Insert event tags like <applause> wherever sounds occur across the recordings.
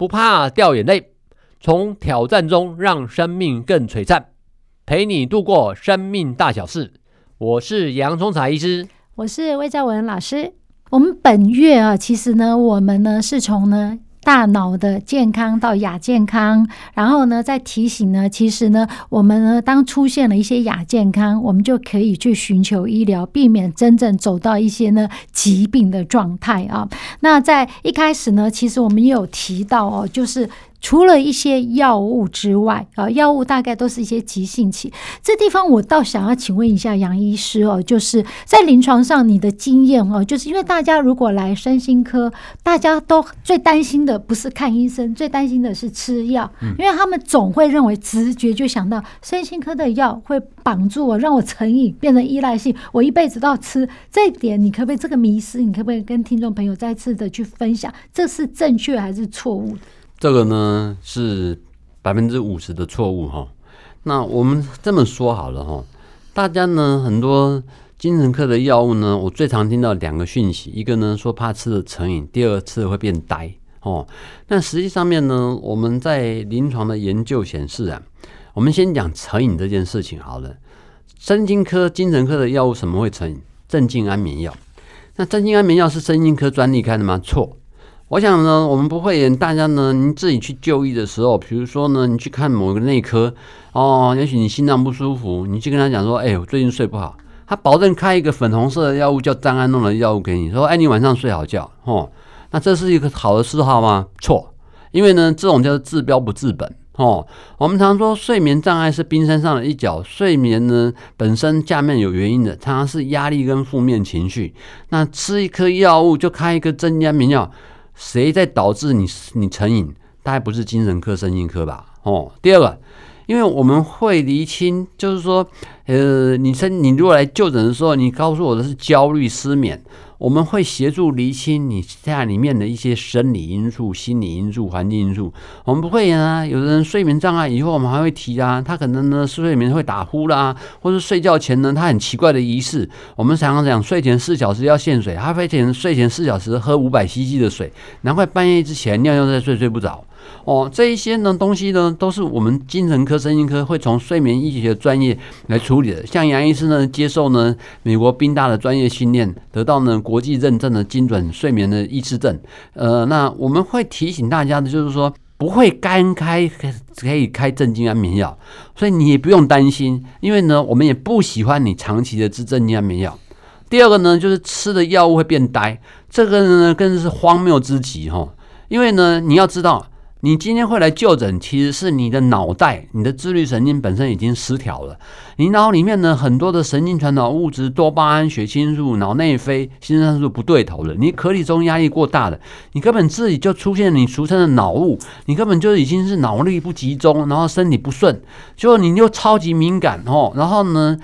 不怕掉眼淚，從挑戰中讓生命更璀璨，陪你度過生命大小事。我是楊聰財醫師，我是魏兆玟老師。我們本月啊，其實呢，我們呢是從呢。大腦的健康到亞健康，然後呢，再提醒呢，其實呢，我們呢，當出現了一些亞健康，我們就可以去尋求醫療，避免真正走到一些呢疾病的狀態啊。那在一開始呢，其實我們也有提到哦，就是。除了一些藥物之外，啊、哦，藥物大概都是一些急性期。這地方我倒想要請問一下楊醫師哦，就是在臨床上你的經驗哦，就是因為大家如果來身心科，大家都最擔心的不是看醫生，最擔心的是吃藥，嗯、因為他們總會認為直覺就想到身心科的藥會綁住我，讓我成癮，變成依賴性，我一輩子都要吃。這一點你可不可以這個迷思？你可不可以跟聽眾朋友再次的去分享，這是正確還是錯誤？這個呢是百分之五十的錯誤哈、哦，那我們這麼說好了哈、哦，大家呢很多精神科的藥物呢，我最常聽到兩個訊息，一個呢說怕吃了成癮，第二次會變呆哦，那實際上面呢，我們在臨床的研究顯示啊，我們先講成癮這件事情好了，神經科精神科的藥物什麼會成癮？鎮靜安眠藥，那鎮靜安眠藥是神經科專利開的嗎？錯。我想呢，我們不會，大家呢，你自己去就醫的時候，比如說呢，你去看某個內科哦，也許你心臟不舒服，你去跟他講說，哎、欸，我最近睡不好，他保證開一個粉紅色的藥物叫贊安諾的藥物給你，說，哎、欸，你晚上睡好覺，哦，那這是一個好的嗜好嗎？錯，因為呢，這種叫做治標不治本，哦，我們常說睡眠障礙是冰山上的一角，睡眠呢本身下面有原因的，常常是壓力跟負面情緒，那吃一顆藥物就開一個鎮壓眠藥。誰在導致你你成癮？大概不是精神科、神經科吧，哦。第二個，因為我們會釐清，就是說，呃，你生你如果來就診的時候，你告訴我的是焦慮、失眠。我們會協助釐清你家裡面的一些生理因素、心理因素、環境因素。我們不會啊，有的人睡眠障礙以後，我們還會提啊，他可能呢睡睡眠會打呼啦，或者睡覺前呢他很奇怪的儀式。我們常常講，睡前四小時要限水，他非前睡前四小時喝五百 cc 的水，難怪半夜之前尿尿再睡睡不着。哦，這一些呢東西呢，都是我們精神科、神經科會從睡眠醫學專業來處理的。像楊醫生呢，接受呢美國賓大的專業訓練，得到呢國際認證的精準睡眠的醫師證。呃，那我們會提醒大家的，就是說不會幹開可以開鎮靜安眠藥，所以你也不用擔心，因為呢，我們也不喜歡你長期的吃鎮靜安眠藥。第二個呢，就是吃的藥物會變呆，這個呢更是荒謬之極哈，因為呢你要知道。你今天會來就診，其實是你的腦袋、你的自律神經本身已經失調了。你腦裡面呢很多的神經傳導物質多巴胺、血清素、腦內啡、新生素不對頭了。你可體松壓力過大了，你根本自己就出現你俗稱的腦霧，你根本就已經是腦力不集中，然後身體不順，就你又超級敏感哦。然後呢，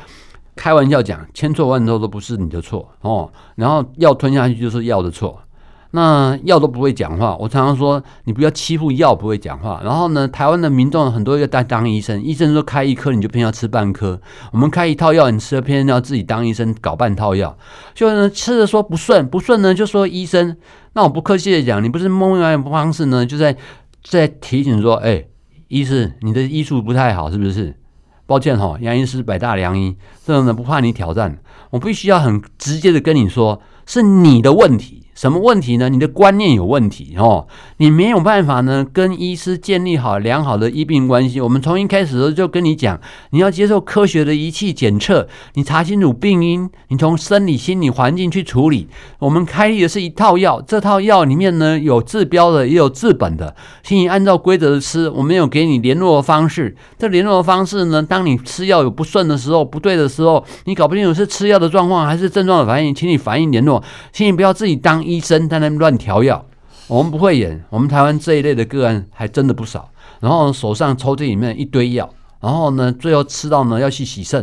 開玩笑講，千錯萬錯都不是你的錯哦。然後藥吞下去，就是藥的錯。那藥都不會講話，我常常說，你不要欺負藥不會講話。然後呢，台灣的民眾很多要當當醫生，醫生說開一顆你就偏要吃半顆，我們開一套藥，你吃了偏要自己當醫生搞半套藥，就是吃的說不順，不順呢就說醫生，那我不客氣的講，你不是某種方式呢，就在在提醒說，哎、欸，醫師，你的醫術不太好，是不是？抱歉哈，楊醫師百大良醫，這種呢不怕你挑戰，我必須要很直接的跟你說，是你的問題。什麼問題呢？你的觀念有問題哦，你沒有辦法呢跟醫師建立好良好的醫病關係。我們從一開始的時候就跟你講，你要接受科學的儀器檢測，你查清楚病因，你從生理心理環境去處理。我們開立的是一套藥，這套藥裡面呢有治標的，也有治本的，請你按照規則的吃。我們有給你聯絡的方式，這聯絡的方式呢，當你吃藥有不順的時候、不對的時候，你搞不清楚是吃藥的狀況還是症狀的反應，請你反應聯絡，請你不要自己當。醫生在那亂調藥，我們不會演。我們台灣這一類的個案還真的不少。然後手上抽屜裡面一堆藥，然後呢，最後吃到呢要去洗腎，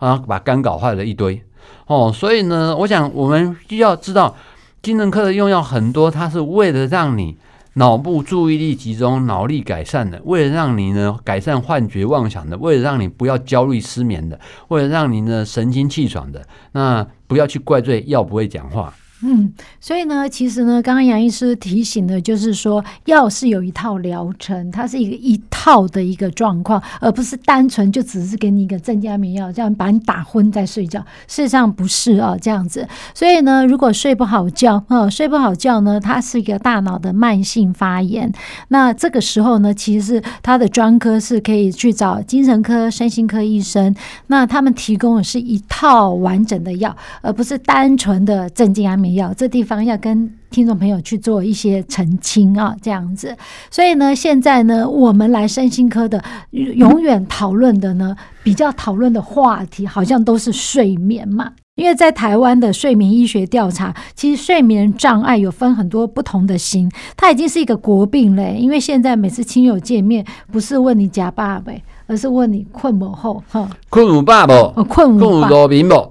然後、啊、把肝搞壞了一堆哦。所以呢，我想我們需要知道精神科的用藥很多，它是為了讓你腦部注意力集中、腦力改善的，為了讓你呢改善幻覺妄想的，為了讓你不要焦慮失眠的，為了讓你呢神清氣爽的。那不要去怪罪藥不會講話。嗯，所以呢，其實呢，剛剛楊醫師提醒的，就是說，藥是有一套療程，它是一個一套的一個狀況，而不是單純就只是給你一個鎮靜安眠藥，這樣把你打昏再睡覺。事實上不是哦、啊，這樣子。所以呢，如果睡不好覺，哦、呃，睡不好覺呢，它是一個大腦的慢性發炎。那這個時候呢，其實是他的專科是可以去找精神科、身心科醫生，那他們提供的是一套完整的藥，而不是單純的鎮靜安眠藥。要這地方要跟聽眾朋友去做一些澄清，啊，這樣子。所以呢，現在呢，我們來身心科的永遠討論的呢，比較討論的話題好像都是睡眠嘛。因為在台灣的睡眠醫學調查，其實睡眠障礙有分很多不同的型，它已經是一個國病嘞、欸。因為現在每次親友見面，不是問你假爸唄。而是問你困某後哈，困某飽不？哦、困某多眠不？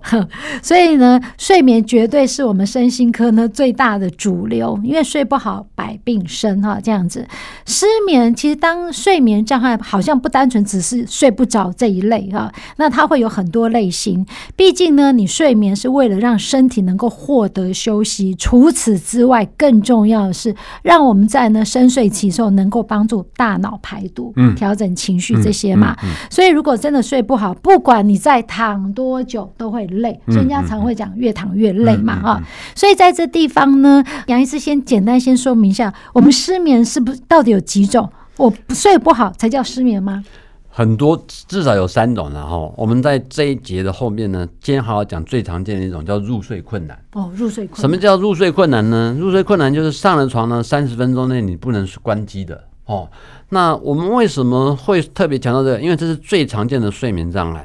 所以呢，睡眠絕對是我們身心科呢最大的主流，因為睡不好百病生哈，這樣子。失眠其實當睡眠障礙好像不單純只是睡不着這一類哈，那它會有很多類型。畢竟呢，你睡眠是為了讓身體能夠獲得休息，除此之外，更重要的是讓我們在呢深睡期時候能夠幫助大腦排毒，嗯，調整情緒這些嘛。嗯嗯嗯嗯、所以，如果真的睡不好，不管你再躺多久都會累，所以人家常會講越躺越累嘛、哦，啊、嗯嗯嗯嗯，所以在這地方呢，楊醫師先簡單先說明一下，我們失眠是不是到底有幾種？我不睡不好才叫失眠嗎？很多至少有三種，然、哦、後我們在這一節的後面呢，今天好好講最常見的一種叫入睡困難。哦，入睡困難。什麼叫入睡困難呢？入睡困難就是上了床呢，三十分鐘內你不能關機的。哦，那我們為什麼會特別強調這個？因為這是最常見的睡眠障礙。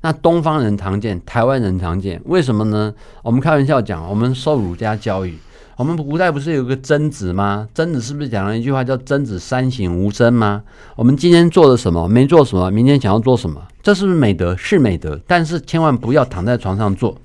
那東方人常見，台灣人常見，為什麼呢？我們開玩笑講，我們受儒家教育。我們古代不是有個曾子嗎？曾子是不是講了一句話叫“曾子三省吾身”嗎？我們今天做了什麼？沒做什麼？明天想要做什麼？這是不是美德？是美德，但是千萬不要躺在床上做。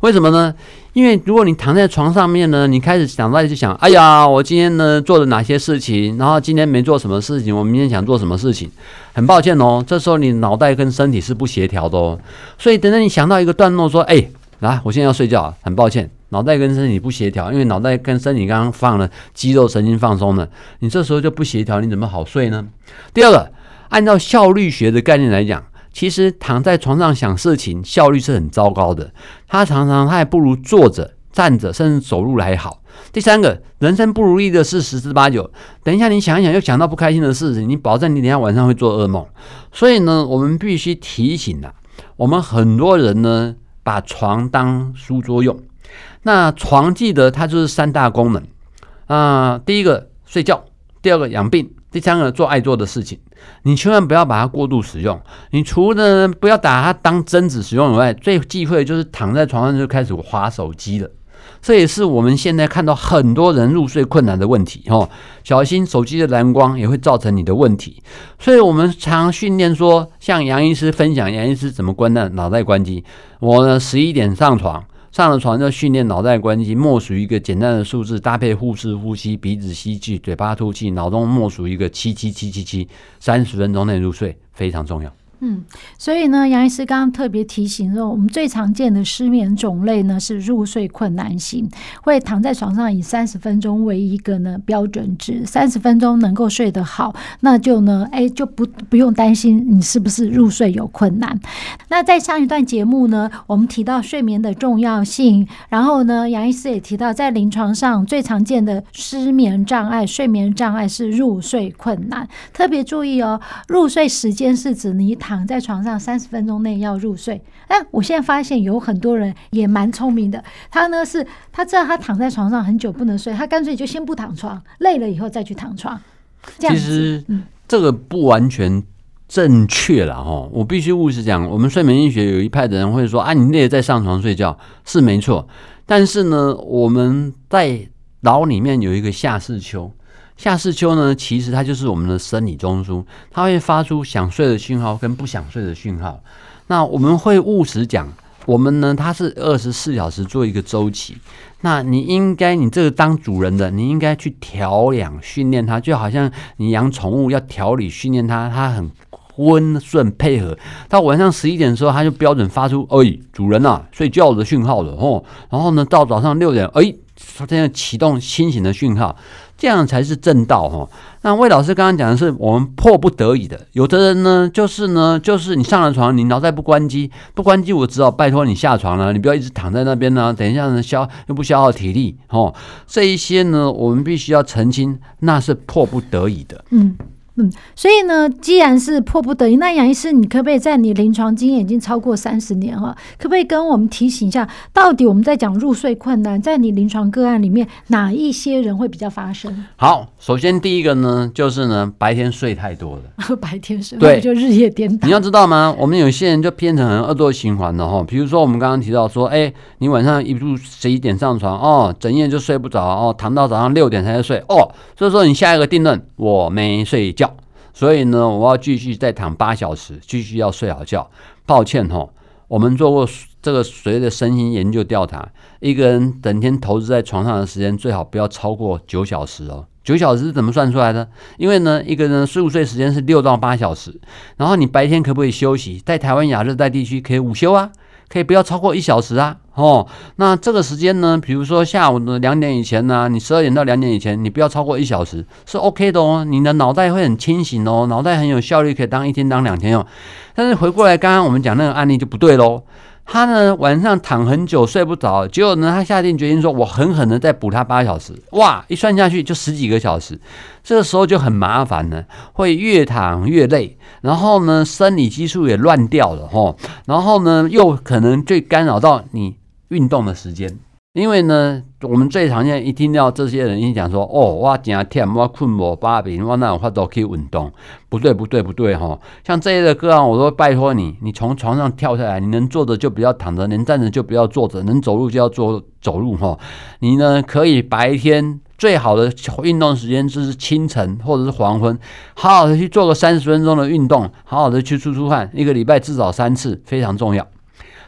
為什麼呢？因為如果你躺在床上面呢，你開始想到就想：“哎呀，我今天呢做了哪些事情？然後今天沒做什麼事情，我明天想做什麼事情？”很抱歉哦，這時候你腦袋跟身體是不協調的哦。所以等到你想到一個段落，說：“哎，來，我現在要睡覺。”很抱歉。腦袋跟身體不協調，因為腦袋跟身體剛剛放了肌肉神經放鬆了，你這時候就不協調，你怎麼好睡呢？第二個，按照效率學的概念來講，其實躺在床上想事情效率是很糟糕的，他常常他還不如坐着、站着，甚至走路來好。第三個，人生不如意的事十之八九，等一下你想一想，又想到不開心的事情，你保證你等一下晚上會做噩夢。所以呢，我們必須提醒啊，我們很多人呢把床當書桌用。那床記得它就是三大功能啊、呃，第一個睡覺，第二個養病，第三個做愛做的事情。你千萬不要把它過度使用。你除了不要把它當真子使用以外，最忌諱就是躺在床上就開始滑手機了。這也是我們現在看到很多人入睡困難的問題哦。小心手機的藍光也會造成你的問題。所以我們常訓練說，像楊醫師分享，楊醫師怎麼關呢？腦袋關機？我呢十一點上床。上了床就訓練腦袋的關機，默數一個簡單的數字，搭配腹式呼吸，鼻子吸氣，嘴巴吐氣，腦中默數一個七七七七七，三十分鐘內入睡非常重要。嗯，所以呢，楊醫師剛剛特別提醒說，我們最常見的失眠種類呢是入睡困難型，會躺在床上以三十分鐘為一個呢標準值，三十分鐘能夠睡得好，那就呢，哎、欸，就不不用擔心你是不是入睡有困難。那在上一段節目呢，我們提到睡眠的重要性，然後呢，楊醫師也提到在臨床上最常見的失眠障礙、睡眠障礙是入睡困難，特別注意哦，入睡時間是指你躺。躺在床上三十分鐘內要入睡。哎，我現在發現有很多人也蠻聰明的。他呢是，他知道他躺在床上很久不能睡，他乾脆就先不躺床，累了以後再去躺床。這樣其實，這個不完全正確了哦，我必須務實講，我們睡眠醫學有一派的人會說啊，你累了再上床睡覺是沒錯，但是呢，我們在腦裡面有一個下視丘。下視丘呢，其實它就是我們的生理中樞，它會發出想睡的訊號跟不想睡的訊號。那我們會務實講，我們呢，它是二十四小時做一個周期。那你應該，你這個當主人的，你應該去調養訓練它，就好像你養寵物要調理訓練它，它很溫順配合。到晚上十一點的時候，它就標準發出“哎、欸，主人吶、啊，睡覺的訊號了”哦。然後呢，到早上六點，哎、欸，它這樣啟動清醒的訊號。這樣才是正道。那魏老師剛剛講的是我們迫不得已的，有的人呢，就是呢，就是你上了床，你腦袋不關機，不關機，我只好拜託你下床了、啊，你不要一直躺在那邊呢、啊，等一下呢消又不消耗體力哈、哦。這一些呢，我們必須要澄清，那是迫不得已的。嗯。嗯，所以呢，既然是迫不得已，那楊醫師，你可不可以在你臨床經驗已經超過三十年了，可不可以跟我們提醒一下，到底我們在講入睡困難，在你臨床個案裡面，哪一些人會比較發生？好，首先第一個呢，就是呢，白天睡太多了， <laughs> 白天睡，對，就日夜顛倒。你要知道嗎？我們有些人就變成很惡性循環的哈，比如說我們剛剛提到說，哎、欸，你晚上一入十一點上床哦，整夜就睡不着哦，躺到早上六點才睡哦，所以說你下一個定論，我沒睡覺。所以呢，我要繼續再躺八小時，繼續要睡好覺。抱歉吼、哦，我們做過這個隨着身心研究調查，一個人整天投資在床上的時間最好不要超過九小時哦。九小時是怎麼算出來的？因為呢，一個人熟睡時間是六到八小時，然後你白天可不可以休息？在台灣亞熱帶地區可以午休啊。可以不要超過一小時啊，哦，那這個時間呢？比如說下午的兩點以前呢、啊，你十二點到兩點以前，你不要超過一小時，是 OK 的哦。你的腦袋會很清醒哦，腦袋很有效率，可以當一天當兩天用。哦，但是回過來，剛剛我們講那個案例就不對嘍。他呢，晚上躺很久睡不着，結果呢，他下定決心說：“我狠狠的再補他八小時。”哇，一算下去就十幾個小時，這個時候就很麻煩了，會越躺越累，然後呢，生理激素也亂掉了哈、哦，然後呢，又可能最干擾到你運動的時間。因為呢，我們最常見一聽到這些人一講說，哦，我整天我困我八平，我那我話都可以運動。不對，不對，不對哈、哦。像這些的個案、啊，我都拜托你，你從床上跳下來，你能坐着就不要躺着，能站着就不要坐着，能走路就要做走路哈、哦。你呢，可以白天最好的運動時間就是清晨或者是黃昏，好好的去做個三十分鐘的運動，好好的去出出汗，一個禮拜至少三次，非常重要。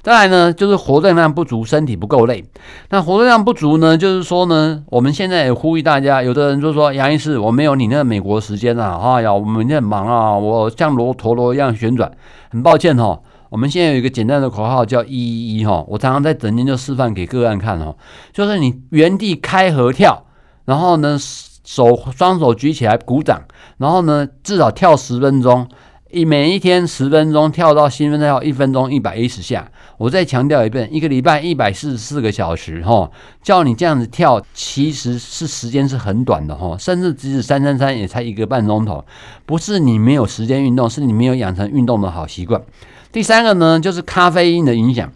再來呢，就是活動量不足，身體不夠累。那活動量不足呢，就是說呢，我們現在也呼籲大家，有的人就說楊醫師，我沒有你那個美國時間啊，哎呀，我們很忙啊，我像陀螺一樣旋轉。很抱歉哈、哦，我們現在有一個簡單的口號叫一一一哈，我常常在整天就示範給個案看哦，就是你原地開合跳，然後呢手雙手舉起來鼓掌，然後呢至少跳十分鐘，一每一天十分鐘跳到心肺跳一分鐘一百一十下。我再強調一遍，一個禮拜一百四十四個小時，哈、哦，叫你這樣子跳，其實是時間是很短的，哈、哦，甚至即使三三三也才一個半鐘頭，不是你沒有時間運動，是你沒有養成運動的好習慣。第三個呢，就是咖啡因的影響，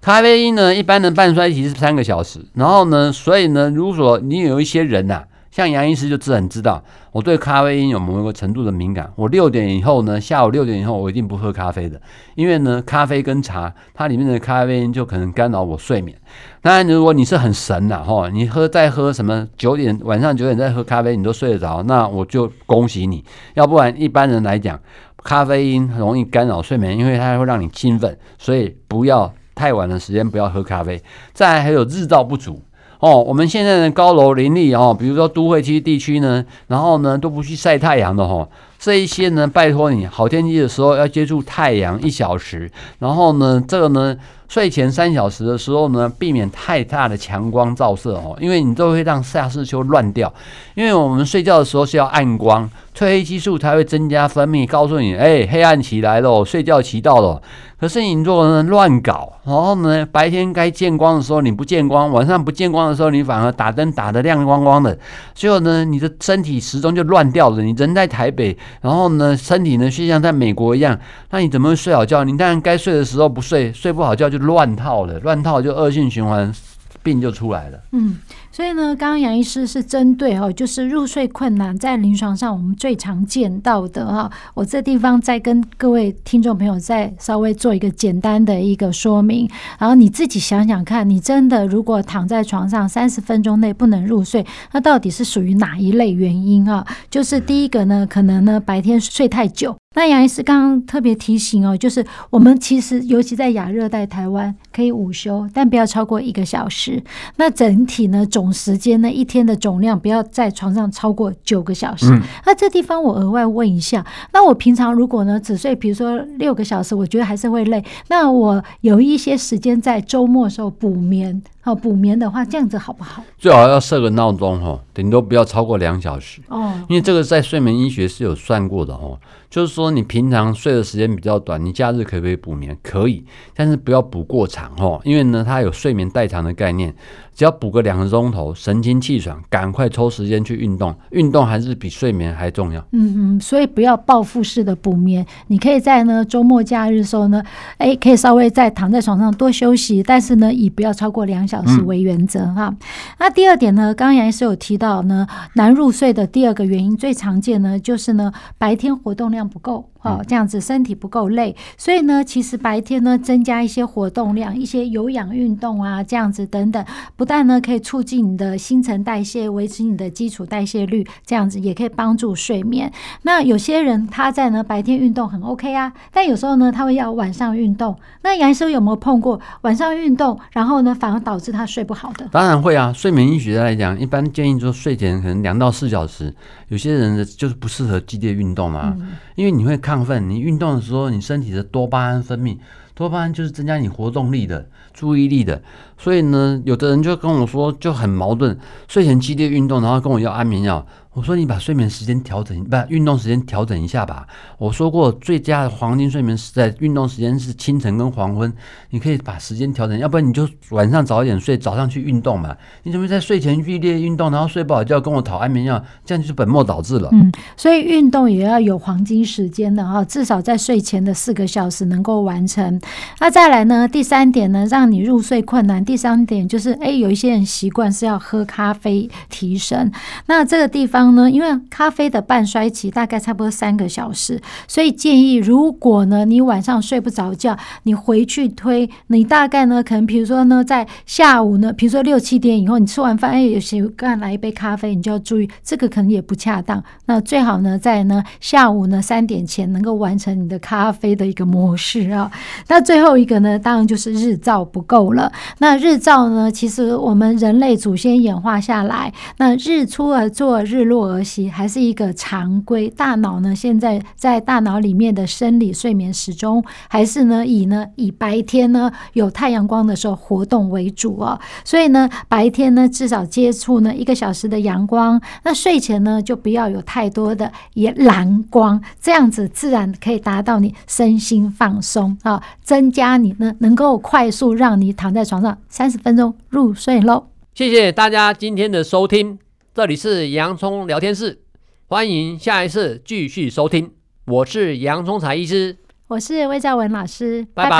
咖啡因呢，一般的半衰期是三個小時，然後呢，所以呢，如果說你有一些人吶、啊。像楊醫師就自然知道我對咖啡因有某一個程度的敏感。我六點以後呢，下午六點以後我一定不喝咖啡的，因為呢，咖啡跟茶它裡面的咖啡因就可能干擾我睡眠。當然，如果你是很神啦、啊，吼，你喝再喝什麼九點晚上九點再喝咖啡，你都睡得着，那我就恭喜你。要不然一般人來講，咖啡因容易干擾睡眠，因為它會讓你興奮，所以不要太晚的時間不要喝咖啡。再來還有日照不足。哦，我們現在的高樓林立哦，比如說都會區地區呢，然後呢都不去曬太陽的哈、哦，這一些呢拜託你，好天氣的時候要接觸太陽一小時，然後呢這個呢。睡前三小時的時候呢，避免太大的強光照射哦，因為你都會讓下視丘亂掉。因為我們睡覺的時候是要暗光，褪黑激素才會增加分泌，告訴你，哎，黑暗起來咯，睡覺期到了。可是你若呢亂搞，然後呢，白天該見光的時候你不見光，晚上不見光的時候你反而打燈打得亮光光的，最後呢，你的身體時鐘就亂掉了。你人在台北，然後呢，身體呢就像在美國一樣，那你怎麼會睡好覺？你當然該睡的時候不睡，睡不好覺就。亂套了，亂套就惡性循環，病就出來了。嗯。所以呢，剛剛楊醫師是針對哦，就是入睡困難，在臨床上我們最常見到的哈，我這地方再跟各位聽眾朋友再稍微做一個簡單的一個說明，然後你自己想想看，你真的如果躺在床上三十分鐘內不能入睡，那到底是屬於哪一類原因啊？就是第一個呢，可能呢白天睡太久。那楊醫師剛剛特別提醒哦，就是我們其實尤其在亞熱帶台灣可以午休，但不要超過一個小時。那整體呢，總時間呢，一天的總量不要在床上超過九個小時。嗯。那這地方我額外問一下，那我平常如果呢只睡，比如說六個小時，我覺得還是會累。那我有一些時間在周末的時候補眠。哦，補眠的話這樣子好不好？最好要設個鬧鐘哦，頂多不要超過兩小時哦。Oh. 因為這個在睡眠醫學是有算過的哦，就是說你平常睡的時間比較短，你假日可不可以補眠？可以，但是不要補過長哦。因為呢，它有睡眠代償的概念，只要補個兩個鐘頭，神清氣爽，趕快抽時間去運動，運動還是比睡眠還重要。嗯嗯，所以不要報復式的補眠，你可以在呢周末假日的時候呢，欸、可以稍微在躺在床上多休息，但是呢，也不要超過兩。小時為原則哈、嗯啊，那第二點呢，剛剛楊醫師有提到呢，難入睡的第二個原因最常見呢，就是呢，白天活動量不夠。哦，這樣子身體不夠累，所以呢，其實白天呢，增加一些活動量，一些有氧運動啊，這樣子等等，不但呢可以促進你的新陳代謝，維持你的基礎代謝率，這樣子也可以幫助睡眠。那有些人他在呢白天運動很 OK 啊，但有時候呢他會要晚上運動。那楊醫師有沒有碰過晚上運動，然後呢反而導致他睡不好的？當然會啊，睡眠醫學來講，一般建議就是睡前可能兩到四小時，有些人呢就是不適合激烈運動嘛、啊。嗯因為你會亢奮，你運動的時候，你身體的多巴胺分泌，多巴胺就是增加你活動力的、注意力的。所以呢，有的人就跟我說，就很矛盾，睡前激烈運動，然後跟我要安眠藥。我說你把睡眠時間調整，把運動時間調整一下吧。我說過，最佳的黃金睡眠是在運動時間是清晨跟黃昏，你可以把時間調整，要不然你就晚上早一點睡，早上去運動嘛。你怎麼在睡前劇烈運動，然後睡不好就要跟我討安眠藥，這樣就是本末倒置了。嗯，所以運動也要有黃金時間的哈，至少在睡前的四個小時能夠完成。那再來呢？第三點呢，讓你入睡困難。第三點就是，哎，有一些人習慣是要喝咖啡提神，那這個地方。呢，因為咖啡的半衰期大概差不多三個小時，所以建議如果呢你晚上睡不着覺，你回去推，你大概呢可能比如說呢在下午呢，比如說六七點以後，你吃完飯哎有習慣來一杯咖啡，你就要注意這個可能也不恰當。那最好呢在呢下午呢三點前能夠完成你的咖啡的一個模式啊。那最後一個呢，當然就是日照不夠了。那日照呢，其實我們人類祖先演化下來，那日出而作，日落。兒媳還是一個常規，大腦呢，現在在大腦裡面的生理睡眠時鐘，還是呢以呢以白天呢有太陽光的時候活動為主啊、哦。所以呢，白天呢至少接觸呢一個小時的陽光，那睡前呢就不要有太多的也藍光，這樣子自然可以達到你身心放鬆啊、哦，增加你呢能夠快速讓你躺在床上三十分鐘入睡嘍。謝謝大家今天的收聽。這裡是洋蔥聊天室，歡迎下一次繼續收聽。我是洋蔥財醫師，我是魏兆玟老師，拜拜。拜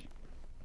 拜。